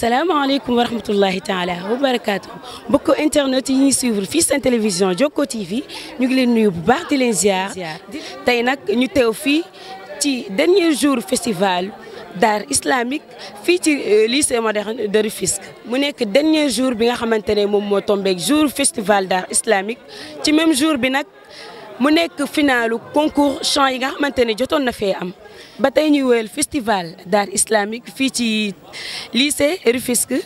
السلام عليكم ورحمة الله تعالى وبركاته بكو انترنت ينسيفر في سان تلفزيون جوكو تي تيفي نجلين نيو ببارتي لنزيار تيناك نيو تيوفي تي دنيير جور فستيفال دار إسلاميك في تي ليس مدرن دار فيسك منيك دنيير جور بينا خمان تنين مو موتون جور فستيفال دار إسلاميك تي ميم جور بينك mu nekk finaalu concours chant yi nga xamante ne jotoon na fee am ba tey ñuy wéyal festival d'art islamique fii ci lycée Rufisque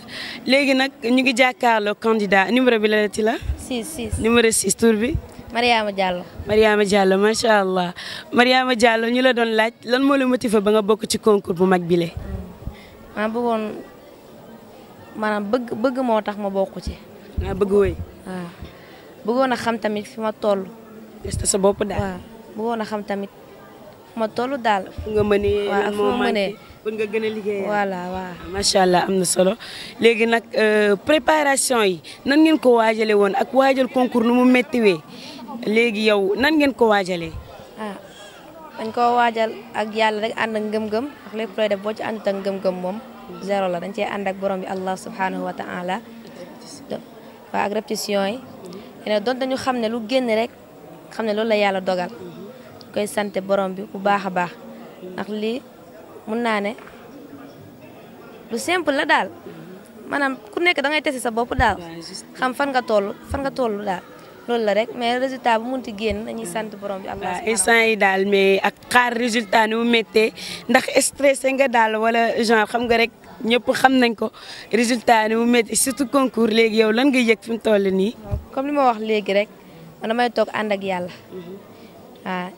léegi nag ñu ngi jàkkaarloo candidat numéro bi la ti la. 6 6 numéro 6 tur bi. Mariama Diallo. Mariama Diallo macha allah Mariama Diallo ñu la doon laaj lan moo la motivé ba nga bokk ci concours bu mag bi le maa bëggoon maanaam bëgg moo tax ma bokk ci. maa ah, bëgg wéy. waaw ah. bëggoon a xam tamit fi ma toll. tester sa bopp daal. a xam tamit fu ma toll daal. fu nga mënee lan moo mënee bëgg nga gën liggéey voilà waaw macha allah am na solo léegi nag euh, préparation yi nan ngeen ko waajalee woon ak waajal concours nu mu méttiwee léegi yow nan ngeen ko waajalee. ah dañ ko waajal ak yàlla rek ànd ak ngëm-ngëm ak lépp looy def boo ci àndut ak ngëm-ngëm moom zéro la dañ cee ànd ak borom bi allah subhanahu wa ta'ala waa ak répétition yi. doon dañu xam ne lu génn rek. xam ne loolu la yàlla dogal koy sante borom bi bu baax a baax ndax lii mun naa ne lu simple la daal maanaam ku nekk da ngay tester sa bopp daal xam fan nga toll fan nga toll daal loolu la rek mais résultat bu munti génn dañuy sant borom bi. allah instant yi daal mais a xaar résultat ni mu méttee ndax stressé nga daal wala genre xam nga rek ñëpp xam nañ ko résultat ni mu méttee surtout concours léegi yow lan nga yëg fi mu toll nii. comme ma wax léegi rek. man damay toog ànd ak ah,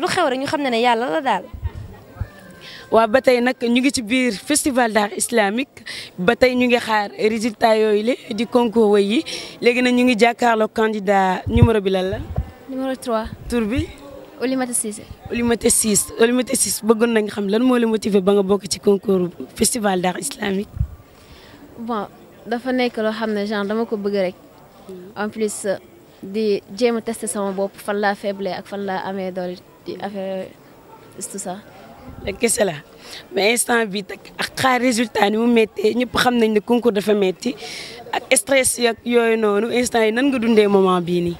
lu xew rek ñu xam ne ne yàlla la daal. waaw ba tey nag ñu ngi ci biir festival d'art islamique ba tey ñu ngi xaar résultat yooyu la di concours way yi léegi nag ñu ngi jàkkaarloo candidat numéro bi lan la. numéro 3. tur bi. Oulimata Cissé. Oulimata Cissé Oulimata Cissé bëggoon nañ xam lan moo la motivé ba nga bokk ci concours festival d'art islamique. bon dafa nekk loo xam ne genre dama ko bëgg rek. en plus di jéem a tester sama bopp fan laa faible ak fan laa amee doole di affaire tout ça. léegi kese la mais instant bi tak ak xaar résultat ni mu méttee ñëpp xam nañ ne concours dafa métti ak stress yak yooyu noonu instant yi nan nga dundee moment bii nii.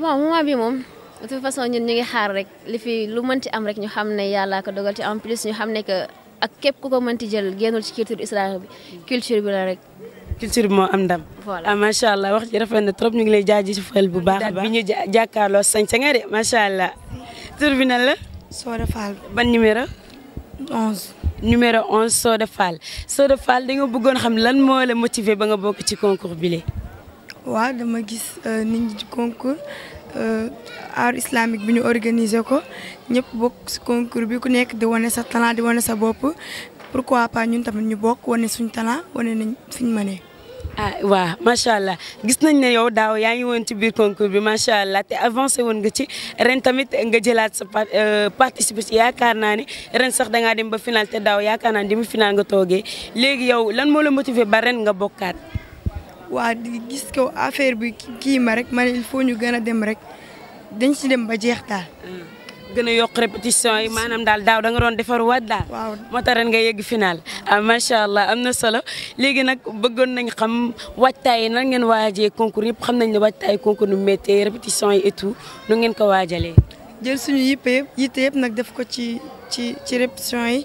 bon moment bi moom de toute façon ñun ñu ngi xaar rek li fi lu mënti am rek ñu xam ne yàllaa ko dogal ci en plus ñu xam ne que ak képp ku ko mënti jël génnul ci culture Israël bi culture bi rek. culture mo moo am ndam. voilà ah, macha allah wax ji rafet trop ñu ngi lay jaajëfal bu baax. bi ñu jàkkaarloo sañse nga de macha allah. bi nan la. Fall. ban numéro. 11. numéro 11 Soda Fall Soda Fall da nga bëggoon xam lan moo la motiver ba nga bokk ci concours bi le waaw dama gis euh, nit ñi ci concours euh, art islamique bi ñu organiser ko ñëpp bokk ci concours bi ku nekk di wane sa talent di wane sa bopp pourquoi pas ñun tamit ñu wane suñu talent nañ ah waaw macha allah gis nañ ne yow daaw yaa ngi woon ci biir concours bi macha allah te avancé woon nga ci ren tamit nga jëlaat sa euh, participer si yaakaar naa ne ren sax da ngaa dem ba final te daaw yaakaar naa ne demi final nga toogee léegi yow lan moo la motiver ba ren nga bokkaat. waa di gis ko affaire bi kii ma rek man il faut ñu gën a dem rek dañ si dem ba jeex daal. Hmm. gën a yokk répétition yi maanaam daal daaw danga nga doon defaruwaat daal. waaw moo tax ren nga yegg final. ah macha allah am na solo léegi nag bëggoon nañ xam waajtaay yi nan ngeen waajee concours yëpp xam nañ ne waajtaay concours nu méttee répétition yi et tout nu ngeen ko waajalee. jël suñu yitte yëpp yitte yëpp nag def ko ci ci ci répétition yi.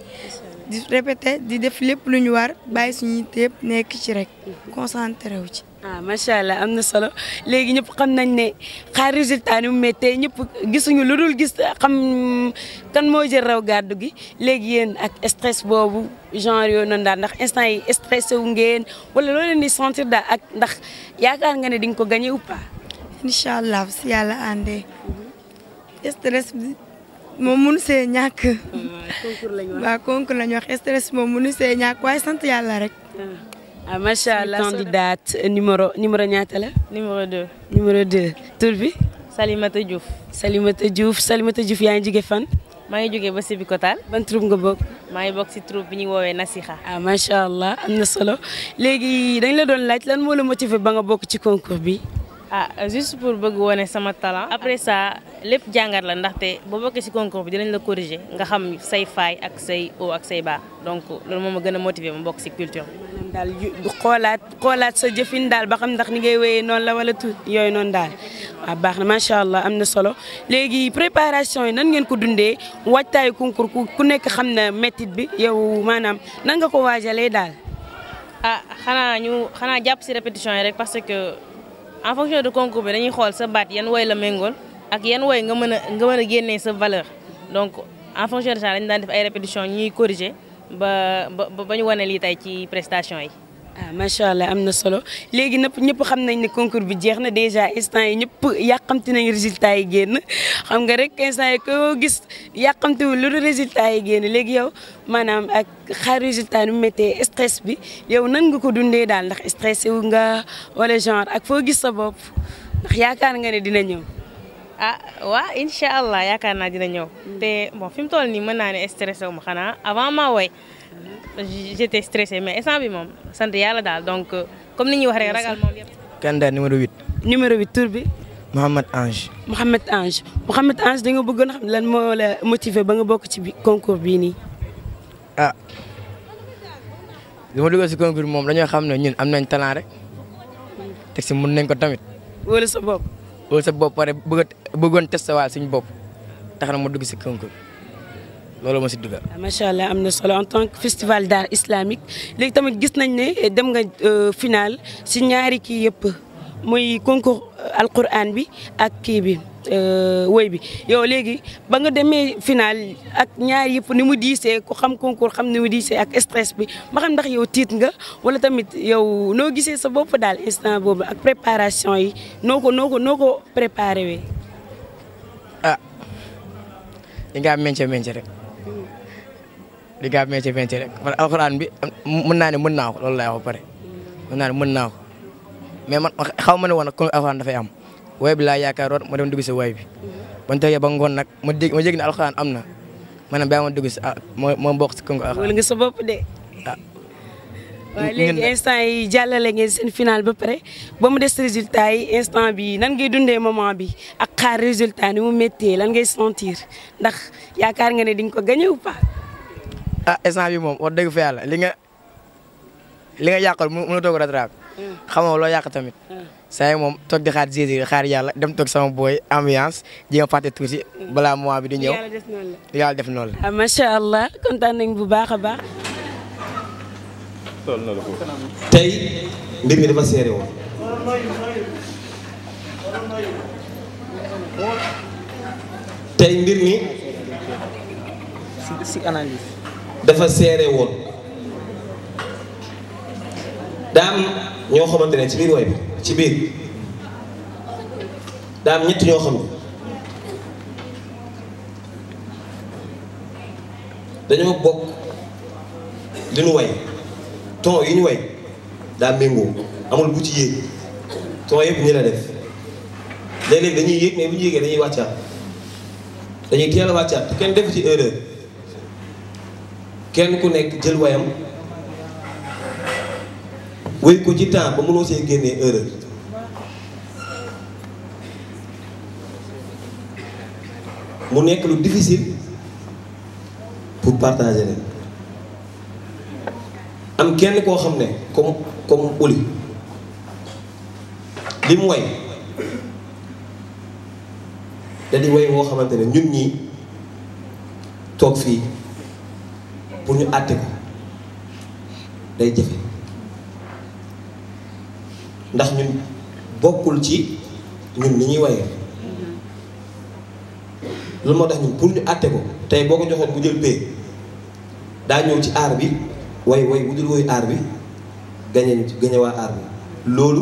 di répété di def lépp lu ñu war bàyyi suñu yitte yëpp nekk ci rek mm-hmm. concentré wu ci. ah macha allah am na solo léegi ñëpp xam nañ ne xaar résultat ni mu méttee ñëpp gisuñu lu dul gis xam kan moo jël raw gàddu gi léegi yéen ak stress boobu genre yooyu noonu daal ndax instant yi stressé wu ngeen wala loo leen di sentir daal ak ndax yaakaar nga ne di nga ko gagné ou pas. incha allah si yàlla àndee stress bi moom mënu see ñàkk. waaw concours lañ wax wax stress moom mënu see ñàkk sant yàlla rek. Ah. ah macha allah candidate euh, numéro numéro ñaata la. numéro 2. numéro 2 tur bi. Salimata Diouf. Salimata Diouf Salimata Diouf ya ngi jóge fan. Ma ngi jogé ba Sébikotane. ban troupe nga bok? Ma ngi bok si troupe bi ñuy woowee Nasiha. ah macha allah am solo Légui dañ la doon laaj lan mo la motivé ba nga bok ci concours bi. ah juste pour bëgg woné sama talent. après ça lépp jàngat la ndaxte bo bokkee si concours bi dinañ la corriger nga xam say fay ak say o ak say ba. donc loolu moma gëna gën a motivé ma si culture daal xoolaat xoolaat sa jëfin daal ba xam ndax ni ngay wéyee noon la wala tuut yooyu noonu daal a baax na macha allah am na solo léegi préparation yi nan ngeen ko dundee waajtaayu concours ku nekk xam na métit bi yow maanaam nan nga ko waajalee daal. ah xanaa ñu xanaa jàpp si répétition yi rek parce que en fonction de concours bi dañuy xool sa baat yan woy la méngool ak yan woy nga mën a nga mën a génnee sa valeur donc en fonction de ça dañu daan def ay répétition ba ba ba ñu wane lii tey ci prestation yi. ah macha allah am na solo léegi nëpp ñëpp xam nañ ne concours bi jeex na déjà instant yi ñëpp yàqamti nañ résultat yi génn xam nga rek instant yi ko gis yàqamtiwul lu résultat yi génn léegi yow maanaam ak xaar résultat nu méttee stress bi yow nan nga ko dundee daal ndax stressé wu nga wala genre ak foo gis sa bopp ndax yaakaar nga ne dina ñëw. ah wa insha allah yaakaar naa dina ñëw té bon fim mu toll nii mën naa stressé wu xana avant ma way j'étais stressé mais instant bi mom sante yalla dal donc comme ni ñi wax rek ragal moom yëpp candidat numéro 8 numéro 8 tour bi Mohamed Ange Mohamed Ange Mohamed Ange da nga bëggoon xam lan mo la motiver ba nga bok ah. ci concours bi ni ah dama dugal ci concours mom dañu xam né ñun am nañ talent rek teg ci mën nañ ko tamit wala sa bopp wóor sa bopp pare bëgg bëggoon testé waal suñu bopp tax na ma dugg si concours loolu ma si dugal. Ah, macha allah am na solo en tant que festival d'art islamique léegi tamit gis nañ ne eh, dem nga euh, final si ñaari kii yëpp muy concours euh, alquran bi ak kii bi. Euh, woy bi yow léegi ba nga demee final ak ñaar yëpp ni mu diisee ku xam concours xam ni mu ak stress bi ma xam ndax yow tiit nga wala tamit yow noo gisee sa bopp daal instant boobu ak préparation yi noo ko noo ko noo ko préparé wee ah di ngaa mence rek di ngaa mence rek man alxuraan bi mën naa ne mën naa ko loolu laa wax ba pare mën naa ne mën naa ko mais man xaw ma ne woon nag alxuraan dafay am way ya, bi laa yaakaaroon ah, mo dem dugg ci way bi bañ tooyee ba ngon nak ma deg ma jegn ne amna manam na ma dugg ci mo ma ma bokk si concours wala nga sa bop de ah. wa legi instant yi jallale ngeen sen final ba pare ba mu dess resultat yi instant bi nan ngay dundé moment bi ak xaar resultat ni mu méttee lan ngay sentir ndax yaakaar nga ne ding ko gagné ou pas ah instant bi mom wa deug fa yalla li nga li nga mu no ko rattraper xamoo loo yàq tamit. saa yi moom toog di xaar jéeg yàlla dem toog sama booy ambiance jéem a fàtte tuuti. balaa mois bi di ñëw yàlla def noonu la yàlla def noonu la. Ah, macha allah kontaan bu baax a baax. toll na la tey mbir dafa seere woon. tey mbir dafa seere woon. daam. ñoo xamante ne ci biir way bi ci biir daa am ñett ñoo xam ne dañoo bokk li ñu way ton yi ñu way daa méngoo amul bu ci yéeg ton yëpp ñi la def léeg-léeg dañuy yéeg mais bu ñu yéegee dañuy wàccaat dañuy teel a wàccaat kenn defu ci erreur kenn ku nekk jël wayam wéy ko ci temps ba mënoo see génnee erreur mu nekk lu difficile pour partager leen am kenn koo xam ne comme comme uli li mu way di way woo xamante ne ñun ñii toog fii pour ñu àtte ko day jafe ndax ñun bokkul ci ñun ni ñuy waye mm-hmm. loolu moo tax ñun pour ñu àtte ko tey boo ko joxoon bu jël pay daa ñëw ci aar bi way way bu dul woy aar bi gañe gañe waa aar bi loolu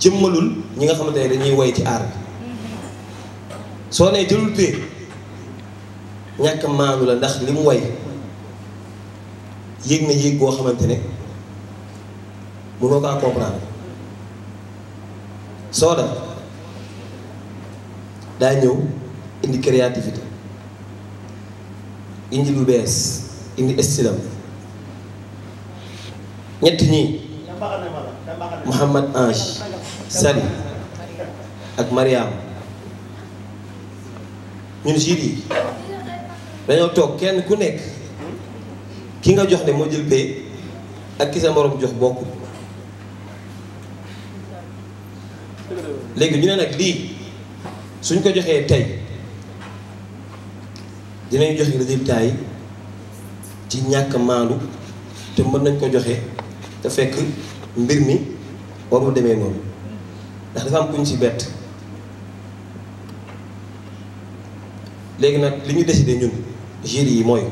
jëmmalul ñi nga xamante ne dañuy way ci aar bi mm-hmm. soo nee jëlul pay ñàkk maanu la ndax li mu way yéeg na yéeg boo xamante ne mënoo kaa comprendre sooda daa ñëw indi créativité indi lu bees indi estilam ñett ñii Mouhamad Ange Sali ak Mariam ñun siit yi dañoo toog kenn ku nekk ki nga jox ne moo jël pay ak ki sa morom jox bokku léegi ñu ne nag lii suñ ko joxee tey dinañ joxe résultat yi ci ñàkk maandu te mën nañ ko joxe te fekk mbir mi warul demee noonu ndax dafa kuñ ci bett léegi nag li ñu décidé ñun jury yi mooy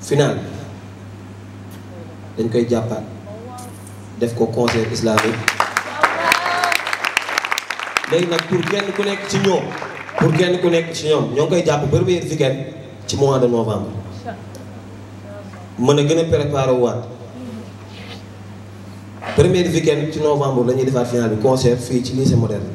final dañ koy jàppaat def ko concert islamique léegi nag pour genn ku nekk ci ñoom pour genn ku nekk ci ñoom ñoo ngi koy jàpp premier weekend ci mois de novembre mën a gën a préparer waat premier weekend ci novembre la ñuy defaat final bi concert fii ci lycée moderne